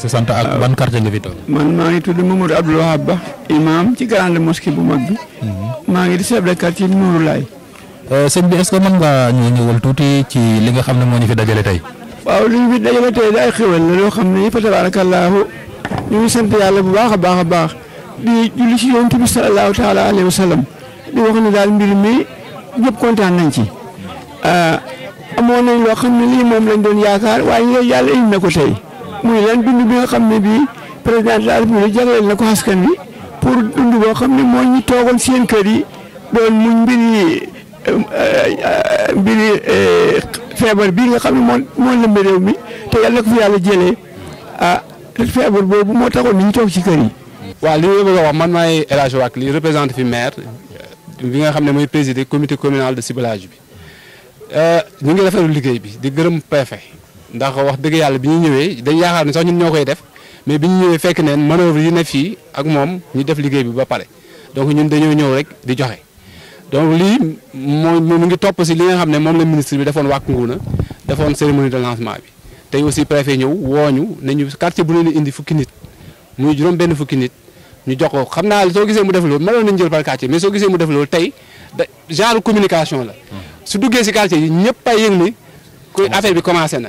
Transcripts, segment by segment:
ak sa sant ak ban quartier nga fi toog. man maa ngi tudd bi. Mhm. maa ngi di chef de quartier euh, bi est-ce que mën ngaa ñu ñëwal tuuti ci li nga xam ne moo ñu fi dajale tey. waaw li ñu fi dajale tey day xéwal la loo xam ne fa tabaarakallaahu ñu ngi sant yàlla bu baax a baax a baax di julli ci yonent bi salallaahu taala alayhi wa sallam di wax ne daal mbir mi ñëpp kontaan nañ ci. Euh, amoon nañ loo xam ne lii moom lañ doon yaakaar waaye yàlla indi na ko tey. muy lan dund bi nga xam ne bii président de la République jagleel na ko askan wi pour dund boo xam ne moo ñu toogoon seen kër yi doon muñ mbiri euh, euh, mbiri euh, feebar bii nga xam ne moo moo lëmb réew mi te yàlla ko yàlla jëlee ah feebar boobu moo taxoon ni ñu toog ci kër yi. waaw li ma bëgg man maay El Hadj Wack li représenté fi maire bi nga xam ne mooy président comité communal de ciblage bi ñu ngi rafetlu liggéey bi di gërëm préfet ndax wax dëgg yàlla bi ñu ñëwee dañ yaakaar ne sax ñun ñoo koy def mais bi ñu ñëwee fekk neen manoeuvre yi ne moom ñu def liggéey bi ba pare donc ñun dañoo ñëw rek di joxe donc lii moom mu ngi topp si li nga xam ne moom la ministre bi defoon wàkk nguuna defoon cérémonie de lancement bi tey aussi préfet ñëw wooñu nañu quartier bu ne indi fukki nit mu juróom benn fukki nit ñu jox ko xam naa soo gisee mu def loolu mënoon nañ jël par quartier mais soo gisee mu def loolu tey da genre communication la hmm. su duggee si quartier yi ñëpp ay yëg ni bi commencé na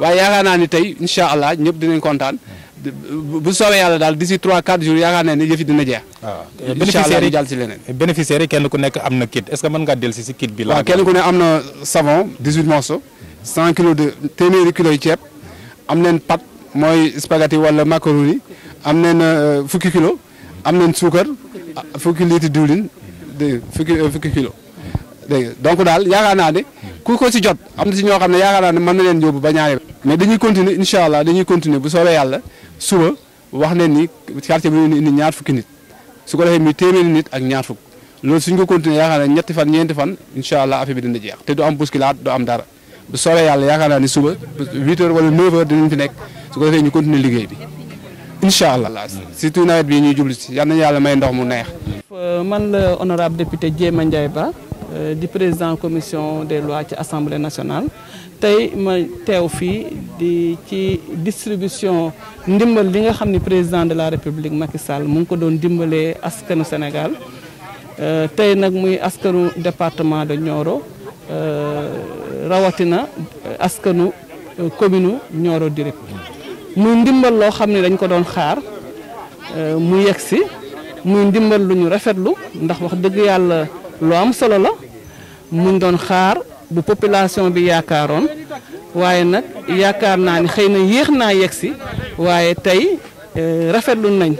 waaye yaakaar naa ni tey incha allah ñëpp dinañ kontaan bu soobee yàlla daal d'ici 3 4 jours yaakaar naa ne yëf yi dina jeex. waaw ah. bénéficiaires yi jàll si leneen. bénéficiaires kenn ku nekk am na kit est ce que mën ngaa dellu si si kit bi. la waaw kenn ku ne am na savon 18 morceaux 100 kilos de téeméeri kilos ceeb am nañ pâte mooy spaghetti wala macaroni am nañ euh, fukki kilo am nañ suukar ah, fukki litre diwlin de fukki euh, fukki kilo dégg daal yaakaar ku ko si jot am na si ñoo xam ne yaakaar naa ne mën na leen yóbbu ba ñaari mais dañuy continuer incha allah dañuy continuer bu soobee yàlla suba wax leen ni quartier bi ñu indi fukki nit su ko defee muy téeméeri nit ak ñaar fukk loolu suñ ko continuer yaakaar ñetti fan ñeenti fan incha allah affaire bi dina jeex te du am bousculade du am dara bu soobee yàlla yaakaar naa suba 8 heures wala 9 nekk su ko defee ñu continuer liggéey bi incha allah surtout Euh, du président commission des lois de l'Assemblée nationale Tay ma distribution président de la république Macky Sall ko Sénégal euh, tay nak département de Nioro euh, rawatina askanu commune Nioro direct. muy ndimbal lo dañ ko don xaar muy rafetlu ndax wax mu doon xaar bu population bi yaakaaroon waaye nag yaakaar naa ni xëy na yéex naa yegg si waaye tey euh, rafetlu nañ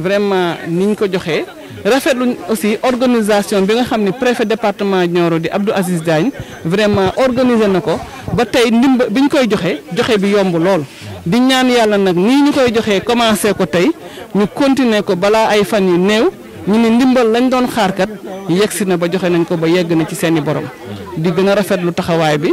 vraiment ni niñ ko joxee rafetluñ aussi organisation bi nga xam ne préfet département Nioro di Abdou Aziz Diagne vraiment organiser na ko ba tey ndimba bi ñu koy joxe joxe bi yomb lool di ñaan yàlla nag nii ñu koy joxee commencé ko tey ñu continuer ko balaa ay fan yu néew ñu ne ndimbal lañ doon xaarkat yegsi na ba joxe nañ ko ba yegg na ci seeni borom di gën a rafet lu taxawaay bi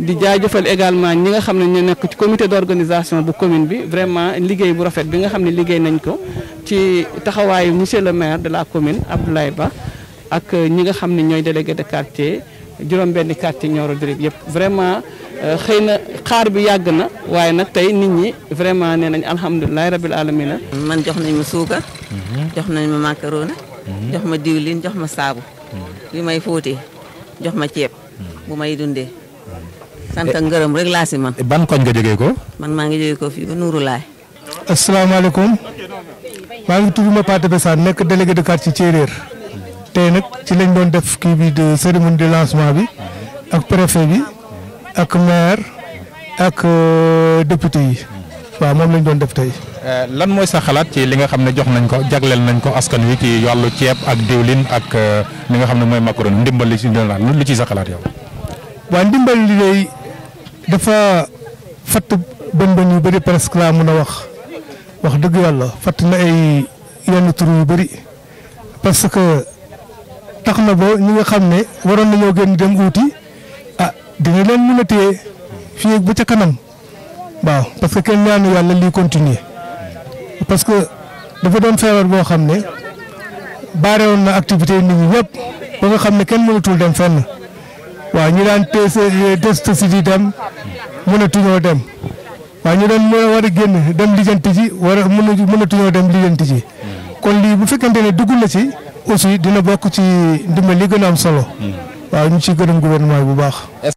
di jëfal également ñi nga xam ne ñu nekk ci comité d'organisation bu commune bi vraiment liggéey bu rafet bi nga xam ni liggéey nañ ko ci taxawaayu monsieur le maire de la commune Abdoulaye Ba ak ñi nga xam ne ñooy délégué de quartier juróom-benni quartier Nioro du Rip yëpp vraiment euh, xëy na xaar bi yàgg na waaye nag tey nit ñi vraiment nee nañ alhamdulilah rabil alamina man jox nañ ma suukar jox nañ ma macaroni jox ma diwlin jox ma saabu li may fóotee jox ma ceeb bu may dundee sant ak ngërëm rek laa si man eh, ban koñ nga jógee ko man maa ngi jógee ko fii ba nuuru laay asalaamaaleykum maa ngi tudd ma Pathé Bessane nekk délégué de quartier Thiérère tey nag ci lañ doon def kii bi de cérémonie de lancement bi ak préfet bi ak maire ak euh, député yi waaw moom lañ doon def tey Euh, lan moy sa xalat ci li nga xamne jox nañ ko jaglel nañ ko askan wi ci wàllu ciep ak diwlin ak euh, li nga xamne moy mooy ndimbal li ci dina lu ci sa xalat yow wa ndimbal li lay dafa fatu bon bon yu bari presque la mën a wax wax deug yalla fat na ay yenn tour yu bari parce que tax bo ñi nga xamne ne waroon nañoo gën dem uuti ah dina leen mën a fi ak bu ca kanam waaw parce que kenn ñaanu yalla li continuer parce que dafa doon feebar boo xam ne baare woon na activité nit ñi yëpp ba nga xam ne kenn mënatul dem fenn waaw ñu daan test euh, si di dem mënatuñoo dem waaw ñu doon mën a war a génn dem lijjanti ji war a mënatuñoo dem lijjanti ji kon lii bu fekkente ne dugg na ci aussi dina bokk ci ndimbal li gën am solo hmm. waaw ñu ci gërëm gouvernement bu baax.